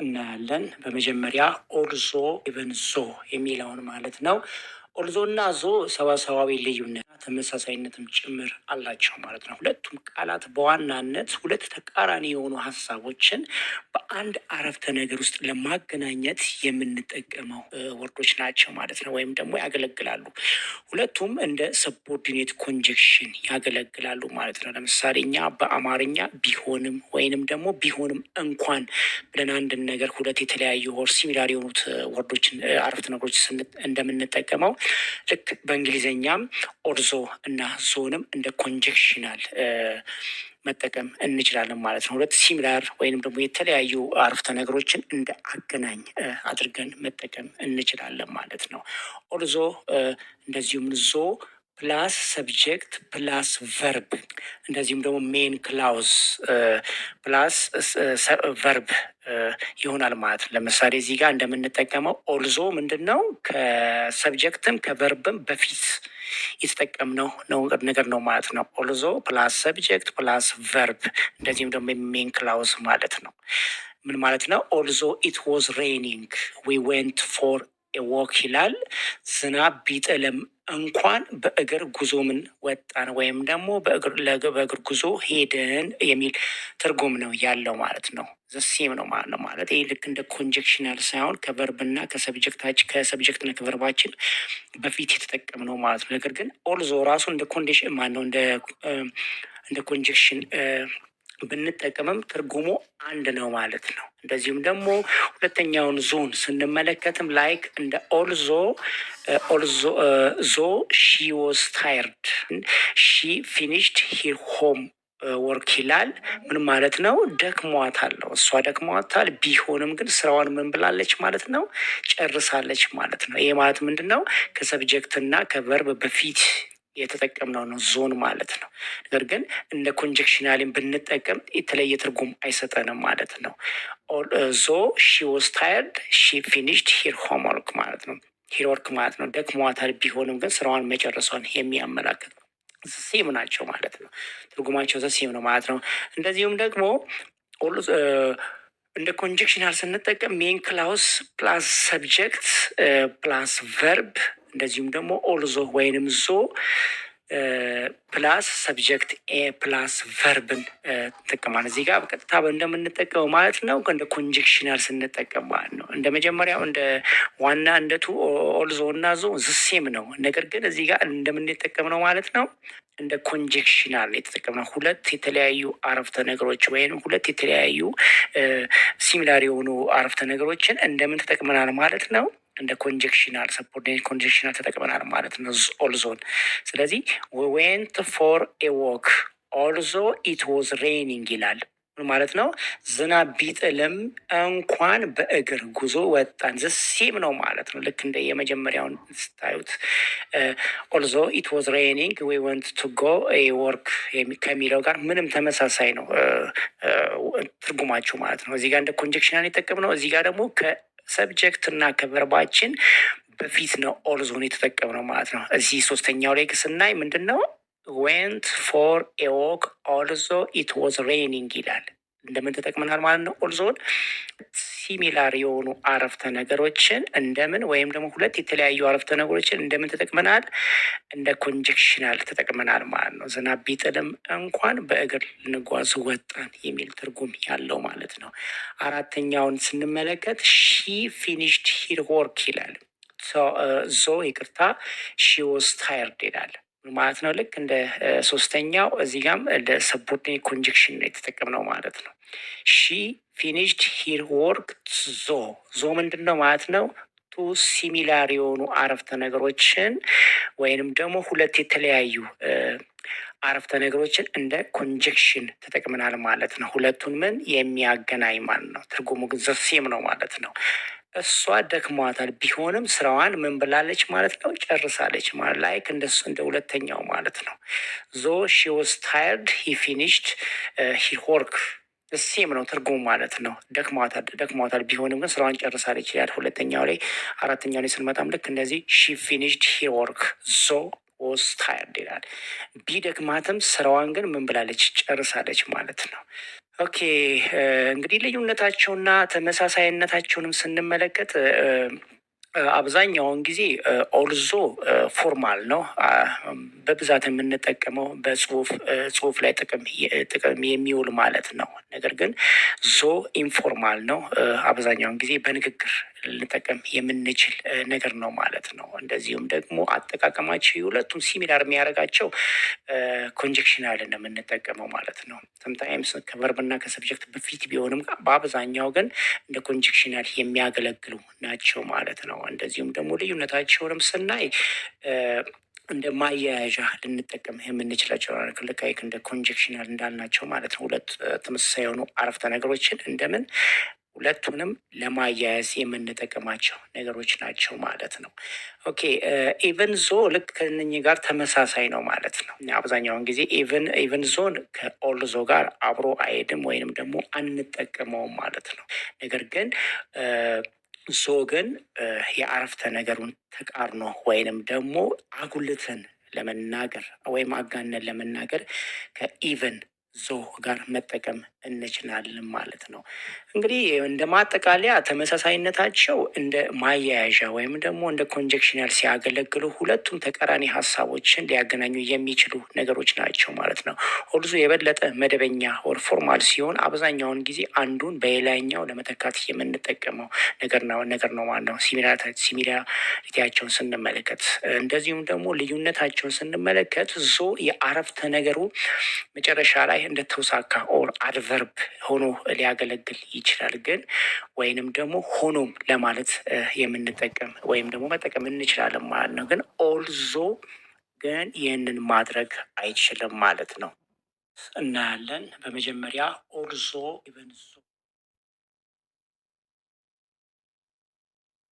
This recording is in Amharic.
እናያለን። በመጀመሪያ ኦልሶ ኢቨን የሚለውን ማለት ነው። ኮርዞና ዞ ሰባሰባዊ ልዩነት ተመሳሳይነትም ጭምር አላቸው ማለት ነው። ሁለቱም ቃላት በዋናነት ሁለት ተቃራኒ የሆኑ ሀሳቦችን በአንድ አረፍተ ነገር ውስጥ ለማገናኘት የምንጠቀመው ወርዶች ናቸው ማለት ነው። ወይም ደግሞ ያገለግላሉ። ሁለቱም እንደ ሰቦርዲኔት ኮንጀክሽን ያገለግላሉ ማለት ነው። ለምሳሌ እኛ በአማርኛ ቢሆንም ወይንም ደግሞ ቢሆንም እንኳን ብለን አንድን ነገር ሁለት የተለያዩ ወር ሲሚላር የሆኑት ወርዶችን አረፍተ ነገሮች እንደምንጠቀመው ልክ በእንግሊዝኛም ኦርዞ እና ዞንም እንደ ኮንጀክሽናል መጠቀም እንችላለን ማለት ነው። ሁለት ሲሚላር ወይንም ደግሞ የተለያዩ አረፍተ ነገሮችን እንደ አገናኝ አድርገን መጠቀም እንችላለን ማለት ነው። ኦርዞ እንደዚሁም ዞ ፕላስ ሰብጀክት ፕላስ ቨርብ እንደዚሁም ደግሞ ሜን ክላውዝ ፕላስ ቨርብ ይሆናል ማለት ነው። ለምሳሌ እዚህ ጋር እንደምንጠቀመው ኦልዞ ምንድን ነው ከሰብጀክትም ከቨርብም በፊት የተጠቀምነው ነው ነገር ነው ማለት ነው። ኦልዞ ፕላስ ሰብጀክት ፕላስ ቨርብ እንደዚሁም ደግሞ ሜን ክላውዝ ማለት ነው። ምን ማለት ነው? ኦልዞ ኢት ዋዝ ሬኒንግ ዊ ዌንት ፎር ዎክ ይላል። ዝናብ ቢጥልም እንኳን በእግር ጉዞ ምን ወጣን ወይም ደግሞ በእግር ጉዞ ሄድን የሚል ትርጉም ነው ያለው ማለት ነው። ዘሴም ነው ማለት ነው። ማለት ይህ ልክ እንደ ኮንጀክሽናል ሳይሆን ከቨርብና ከሰብጀክታችን ከሰብጀክትና ከቨርባችን በፊት የተጠቀም ነው ማለት ነው። ነገር ግን ኦልዞ ራሱ እንደ ኮንዲሽን ማነው እንደ ኮንጀክሽን ብንጠቀምም ትርጉሙ አንድ ነው ማለት ነው። እንደዚሁም ደግሞ ሁለተኛውን ዞን ስንመለከትም ላይክ እንደ ኦልዞ ዞ ሺ ወዝ ታይርድ ሺ ፊኒሽድ ሂር ሆም ወርክ ይላል። ምን ማለት ነው? ደክሟታል ነው እሷ ደክሟታል። ቢሆንም ግን ስራዋን ምን ብላለች ማለት ነው? ጨርሳለች ማለት ነው። ይሄ ማለት ምንድን ነው? ከሰብጀክት እና ከቨርብ በፊት የተጠቀምነው ነው ዞን ማለት ነው። ነገር ግን እንደ ኮንጀክሽናሊን ብንጠቀም የተለየ ትርጉም አይሰጠንም ማለት ነው። ዞ ሺ ወዝ ታየርድ ሺ ፊኒሽድ ሂር ሆምወርክ ማለት ነው። ሂር ወርክ ማለት ነው። ደክሟታል፣ ቢሆንም ግን ስራዋን መጨረሷን የሚያመላክት ሴም ናቸው ማለት ነው። ትርጉማቸው ዘሴም ነው ማለት ነው። እንደዚሁም ደግሞ እንደ ኮንጀክሽናል ስንጠቀም ሜን ክላውስ ፕላስ ሰብጀክት ፕላስ ቨርብ እንደዚሁም ደግሞ ኦልዞ ወይንም ዞ ፕላስ ሰብጀክት ኤ ፕላስ ቨርብን እንጠቀማለን። እዚህ ጋር በቀጥታ እንደምንጠቀመው ማለት ነው። እንደ ኮንጀክሽናል ስንጠቀም ማለት ነው። እንደ መጀመሪያው እንደ ዋና እንደ ቱ ኦልዞ እና ዞ ዝሴም ነው። ነገር ግን እዚህ ጋር እንደምንጠቀም ነው ማለት ነው። እንደ ኮንጀክሽናል የተጠቀምነው ሁለት የተለያዩ አረፍተ ነገሮች ወይም ሁለት የተለያዩ ሲሚላር የሆኑ አረፍተ ነገሮችን እንደምን ተጠቅመናል ማለት ነው እንደ ኮንጀክሽናል ሰፖርዲኔት ኮንጀክሽናል ተጠቅመናል ማለት ነው። ኦልዞን ስለዚህ ዌንት ፎር ኤ ዎክ ኦልዞ ኢት ዋዝ ሬኒንግ ይላል ማለት ነው። ዝናብ ቢጥልም እንኳን በእግር ጉዞ ወጣን። ዘሴም ነው ማለት ነው። ልክ እንደ የመጀመሪያውን ስታዩት ኦልዞ ኢት ዋዝ ሬኒንግ ዊ ወንት ቱ ጎ ወርክ ከሚለው ጋር ምንም ተመሳሳይ ነው ትርጉማቸው ማለት ነው። እዚህ ጋር እንደ ኮንጀክሽናል የጠቀም ነው። እዚህ ጋር ደግሞ ሰብጀክት እና ከቨርባችን በፊት ነው ኦልዞን የተጠቀምነው ማለት ነው። እዚህ ሶስተኛው ላይ ስናይ ምንድን ነው ዌንት ፎር ኤዎክ ኦልዞ ኢት ዋዝ ሬኒንግ ይላል። እንደምን ተጠቅመናል ማለት ነው ኦልዞን ሲሚላር የሆኑ አረፍተ ነገሮችን እንደምን ወይም ደግሞ ሁለት የተለያዩ አረፍተ ነገሮችን እንደምን ተጠቅመናል? እንደ ኮንጀክሽናል ተጠቅመናል ማለት ነው። ዝናብ ቢጥልም እንኳን በእግር ልንጓዝ ወጣን የሚል ትርጉም ያለው ማለት ነው። አራተኛውን ስንመለከት ሺ ፊኒሽድ ሂር ወርክ ይላል። ዞ ይቅርታ ሺ ወዝ ታይርድ ይላል። ማለት ነው። ልክ እንደ ሶስተኛው እዚህ ጋም እንደ ሰቦርዲኔት ኮንጀክሽን ነው የተጠቀምነው ማለት ነው። ሺ ፊኒሽድ ሂር ወርክ ዞ ዞ ምንድን ነው ማለት ነው? ቱ ሲሚላር የሆኑ አረፍተ ነገሮችን ወይንም ደግሞ ሁለት የተለያዩ አረፍተ ነገሮችን እንደ ኮንጀክሽን ተጠቅመናል ማለት ነው። ሁለቱን ምን የሚያገናኝ ማለት ነው። ትርጉሙ ግን ዘሴም ነው ማለት ነው። እሷ ደክሟታል። ቢሆንም ስራዋን ምን ብላለች ማለት ነው ጨርሳለች ማለት ላይክ እንደሱ እንደ ሁለተኛው ማለት ነው። ዞ ሺ ወስ ታይርድ ሂ ፊኒሽድ ሂ ሆርክ እሴም ነው ትርጉም ማለት ነው። ደክሟታል ደክሟታል ቢሆንም ግን ስራዋን ጨርሳለች ይላል ሁለተኛው ላይ። አራተኛው ላይ ስንመጣም ልክ እንደዚህ ሺ ፊኒሽድ ሂ ወርክ ዞ ወስ ታይርድ ይላል። ቢደክማትም ስራዋን ግን ምን ብላለች ጨርሳለች ማለት ነው። ኦኬ እንግዲህ ልዩነታቸውና ተመሳሳይነታቸውንም ስንመለከት አብዛኛውን ጊዜ ኦልዞ ፎርማል ነው በብዛት የምንጠቀመው በጽሁፍ ጽሁፍ ላይ ጥቅም የሚውል ማለት ነው። ነገር ግን ዞ ኢንፎርማል ነው አብዛኛውን ጊዜ በንግግር ልንጠቀም የምንችል ነገር ነው ማለት ነው። እንደዚሁም ደግሞ አጠቃቀማቸው የሁለቱም ሲሚላር የሚያደርጋቸው ኮንጀክሽናል ነው የምንጠቀመው ማለት ነው። ሰምታይምስ ከቨርብና ከሰብጀክት በፊት ቢሆንም በአብዛኛው ግን እንደ ኮንጀክሽናል የሚያገለግሉ ናቸው ማለት ነው። እንደዚሁም ደግሞ ልዩነታቸውንም ስናይ እንደ ማያያዣ ልንጠቀም የምንችላቸው ልክ እንደ ኮንጀክሽናል እንዳልናቸው ማለት ነው። ሁለት ተመሳሳይ የሆኑ አረፍተ ነገሮችን እንደምን ሁለቱንም ለማያያዝ የምንጠቀማቸው ነገሮች ናቸው ማለት ነው። ኦኬ ኢቨን ዞ ልክ ከእነኚህ ጋር ተመሳሳይ ነው ማለት ነው። አብዛኛውን ጊዜ ኢቨን ኢቨን ዞን ከኦል ዞ ጋር አብሮ አይሄድም ወይንም ደግሞ አንጠቀመውም ማለት ነው። ነገር ግን ዞ ግን የአረፍተ ነገሩን ተቃርኖ ወይንም ደግሞ አጉልተን ለመናገር ወይም አጋነን ለመናገር ከኢቨን ዞህ ጋር መጠቀም እንችላለን ማለት ነው። እንግዲህ እንደ ማጠቃለያ ተመሳሳይነታቸው እንደ ማያያዣ ወይም ደግሞ እንደ ኮንጀክሽናል ሲያገለግሉ ሁለቱም ተቃራኒ ሀሳቦችን ሊያገናኙ የሚችሉ ነገሮች ናቸው ማለት ነው። ኦልዞ የበለጠ መደበኛ ወር ፎርማል ሲሆን አብዛኛውን ጊዜ አንዱን በሌላኛው ለመተካት የምንጠቀመው ነገር ነው ነገር ነው ማለት ነው። ሲሚላሪቲያቸውን ስንመለከት እንደዚሁም ደግሞ ልዩነታቸውን ስንመለከት ዞ የአረፍተ ነገሩ መጨረሻ ላይ ላይ እንደተውሳካ ኦር አድቨርብ ሆኖ ሊያገለግል ይችላል። ግን ወይንም ደግሞ ሆኖም ለማለት የምንጠቀም ወይም ደግሞ መጠቀም እንችላለን ማለት ነው። ግን ኦልዞ ግን ይህንን ማድረግ አይችልም ማለት ነው። እናያለን። በመጀመሪያ ኦልዞ ኢቨን